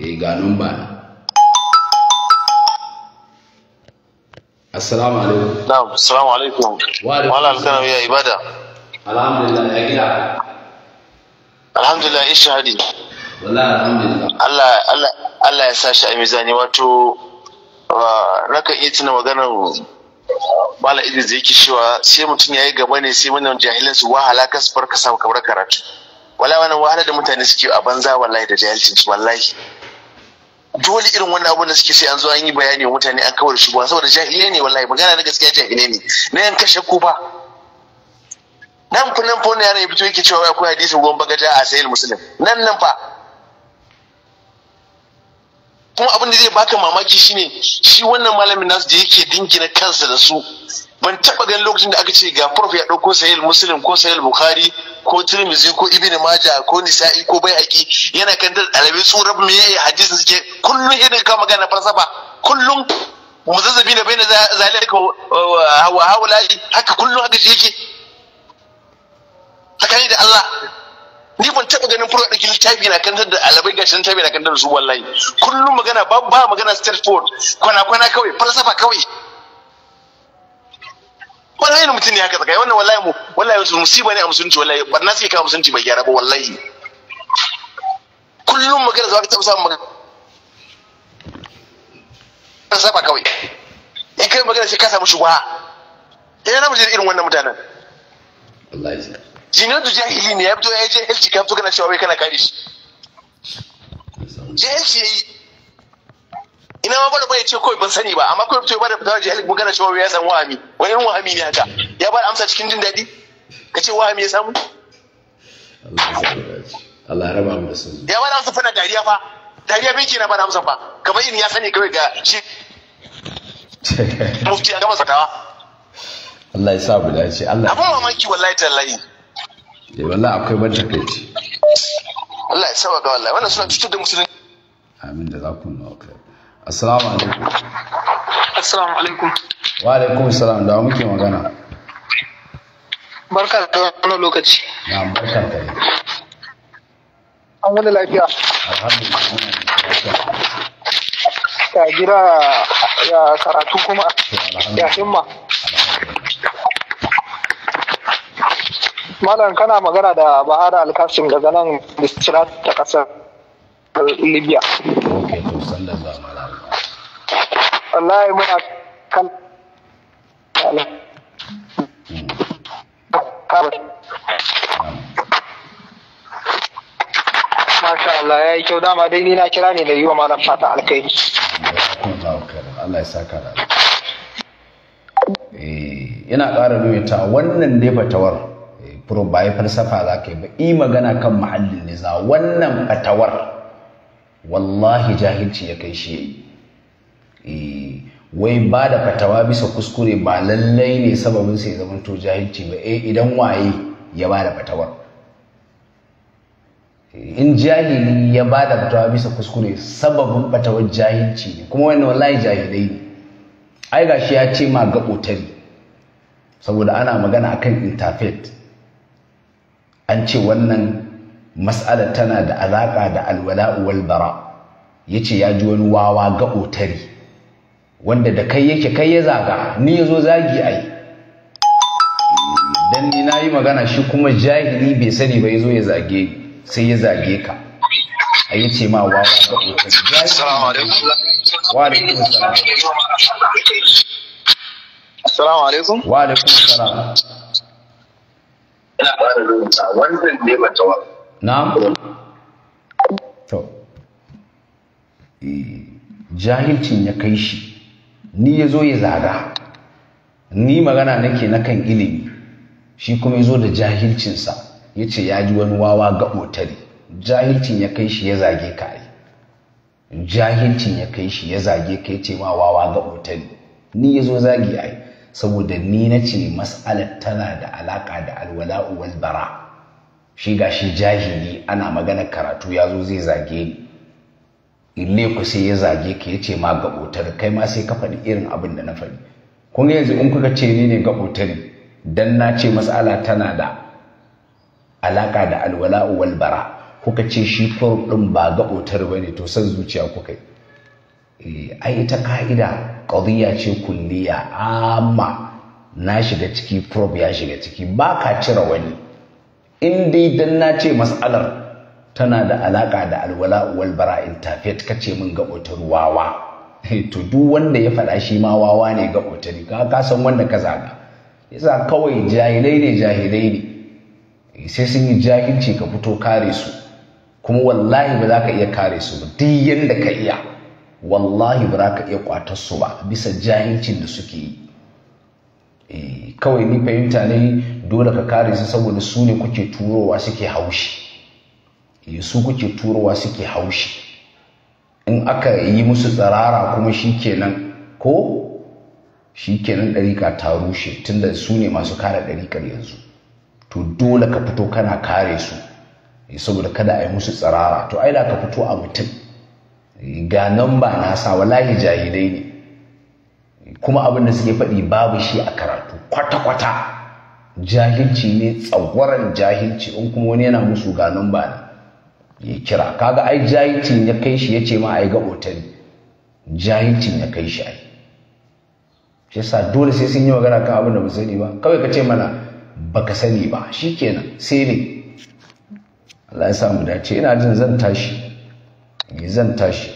[SPEAKER 1] eh ganin ba nan assalamu alaikum
[SPEAKER 2] na'am assalamu alaikum wa alaikum ya ibada
[SPEAKER 4] alhamdulillah ya gida alhamdulillah in shahadi
[SPEAKER 2] Allah ya sa shi a mizani wato raka iya tuna maganar Malam Idris zai yake sai mutum ya yi gaba ne sai wannan jahilin su wahala ka su farka samu kamar karatu. Wala wannan wahala da mutane suke a banza wallahi da jahilcin su wallahi. Dole irin wannan abun da suke sai an zo an yi bayani wa mutane an kawar shi ba saboda jahiliya ne wallahi magana na gaskiya jahiliya ne na yan kashe ko ba. nan fa nan fa wani ya fito yake cewa akwai hadisi ruwan bagaja a sayil muslim nan nan fa kuma abin da zai baka mamaki shine shi wannan malamin nasu da yake dingina kansa da su ban taba ganin lokacin da aka ce ga prof ya dauko sayil muslim ko sayil bukhari ko tirmidhi ko ibini majah ko nisa'i ko bai'aqi yana kan da alabi tsoron me yayi hadisin suke kullun irin ka magana falsafa kullun zazzabi na bai na zalika hawa lai haka kullun haka shi yake tsakani da Allah ni ban taɓa ganin furo ɗauki littafi na kan da alabai gashi littafi na kan da su wallahi kullum magana ba ba magana straightforward kwana kwana kawai falsafa kawai wallahi ne mutum ne haka tsakai wannan wallahi mu wallahi su musiba ne a musulunci wallahi barna suke kawo musulunci bai gyara ba wallahi kullum magana za ka taɓa samun magana falsafa kawai in kai magana sai ka samu shugaba eh na mu irin wannan mutanen wallahi jinadu jahili ne ya fito ya jahilci ka fito kana cewa wai kana kare shi jahilci ya yi ina ma bada bai ce kawai ban sani ba amma kawai fito ya bada fita jahilci kuma kana cewa wai ya san wahami wani irin wahami ne haka ya bada amsa cikin jin daɗi ka ce wahami ya samu
[SPEAKER 1] Allah ya raba mu da sun
[SPEAKER 2] ya bada amsa fana dariya fa dariya bai na bada amsa fa kamar in ya sani kawai ga shi mufti a gama satawa
[SPEAKER 1] Allah ya sa mu dace Allah abun
[SPEAKER 2] mamaki wallahi tallahi
[SPEAKER 1] eh wallahi akwai ban takaici
[SPEAKER 2] Allah ya saba ga wallahi wannan suna cutar da
[SPEAKER 1] amin da za ku nuna kai assalamu alaikum
[SPEAKER 2] assalamu alaikum
[SPEAKER 1] wa alaikum assalam da muke magana
[SPEAKER 2] barka da wannan lokaci na barka da an wani lafiya alhamdulillah ya ya karatu kuma ya himma
[SPEAKER 4] Malam kana magana da Bahara alkashin daga nan Misira ta ƙasar
[SPEAKER 2] Libya. Wallahi muna kan Masha Allah ya yi kyau dama dai ni na kira ne da yi wa malam fata alkairi.
[SPEAKER 1] Allah ya saka da. Ina eh, ƙara nuna ta wannan ne fatawar. furo ba yi falsafa za ka yi ba yi magana kan mahallin niza wannan fatawar wallahi jahilci ya kai shi eh, wai ba da fatawa bisa kuskure ba lallai ne sababin sai zama to jahilci ba eh idan waye ya ba da fatawar eh, in jahili ya ba da fatawa bisa kuskure sababin fatawar jahilci ne kuma wannan wallahi jahilai ne ai gashi ya ce ma ga gaɓotari saboda ana magana a kan intafet an ce wannan mas'ala tana da alaƙa da alwala'u wal bara yace ya ji wani wawa ga otari wanda da kai yake kai ya zaga ni yazo zagi ai dan ni nayi magana shi kuma jahili bai sani ba yazo ya zage sai ya zage ka a yace ma wawa ga
[SPEAKER 2] otari assalamu alaikum wa alaikum assalam assalamu alaikum wa alaikum assalam
[SPEAKER 3] yana rubuta wannan ne mata wa
[SPEAKER 1] na'am to jahilcin ya kai shi ni ya zo ya zaga ni magana nake na kan ilimi shi kuma ya zo da jahilcinsa ya ce ya ji wani wawa ga otari jahilcin ya kai shi ya zage ka jahilcin ya kai shi ya zage ka ce ma wawa ga otari ni ya zo zage ai saboda ni na ce mas'alar tana da alaƙa da alwala'u wal bara shi shi jahili ana maganar karatu ya zo zai zage ni ille ku sai ya zage ka ya ce ma gabotar kai ma sai ka faɗi irin abin da na faɗi kun yanzu in kuka ce ni ne gabotari dan na ce mas'ala tana da alaƙa da alwala'u wal bara kuka ce shi ɗin ba gabotar ba ne to san zuciya kuka yi Eh, ai ita ka'ida ƙauriya ce kulliya amma na shiga ciki probe ya shiga ciki ba ka cire wani in dai dan na ce matsalar tana da alaƙa da alwala wal bara interfet ka ce min gaɓotar wawa eh, to duk wanda ya faɗa shi ma wawa ne gaɓotar ka ka san wanda ka zaga yasa kawai jahilai ne jahilai ne eh, sai sun yi jahilci ka fito kare su kuma wallahi ba za ka iya kare su ba duk yadda ka iya wallahi ba za ka iya kwatar su ba bisa jahincin da suke yi eh, kawai ni fahimta ne dole ka kare su saboda su ne kuke turowa suke haushi eh, su kuke turowa suke haushi in aka yi musu tsirara kuma shi kenan ko shi kenan ɗarika ta rushe tunda su ne masu kare ɗarikar yanzu to dole ka fito kana kare su eh, saboda kada a yi musu tsirara to ai da ka fito a mutum ga nan ba na sa wallahi jahilai ne kuma abin da suke faɗi babu shi a karatu kwata-kwata jahilci ne tsawaran jahilci in kuma wani yana musu ga nan ba ya kira kaga ai jahilci ya kai shi ya ce ma ai ga otal jahilci ya kai shi ai shi sa dole sai sun yi magana kan abin da ba sani ba kawai ka ce mana baka sani ba shi shikenan sai ne Allah ya samu dace ina jin zan tashi me eh, zan tashi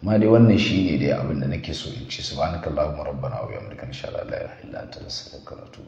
[SPEAKER 1] ma dai wannan ne dai abin da nake so in ce subhanakallahumma rabbana wa bihamdika inshallah la ilaha illa anta astaghfiruka wa atubu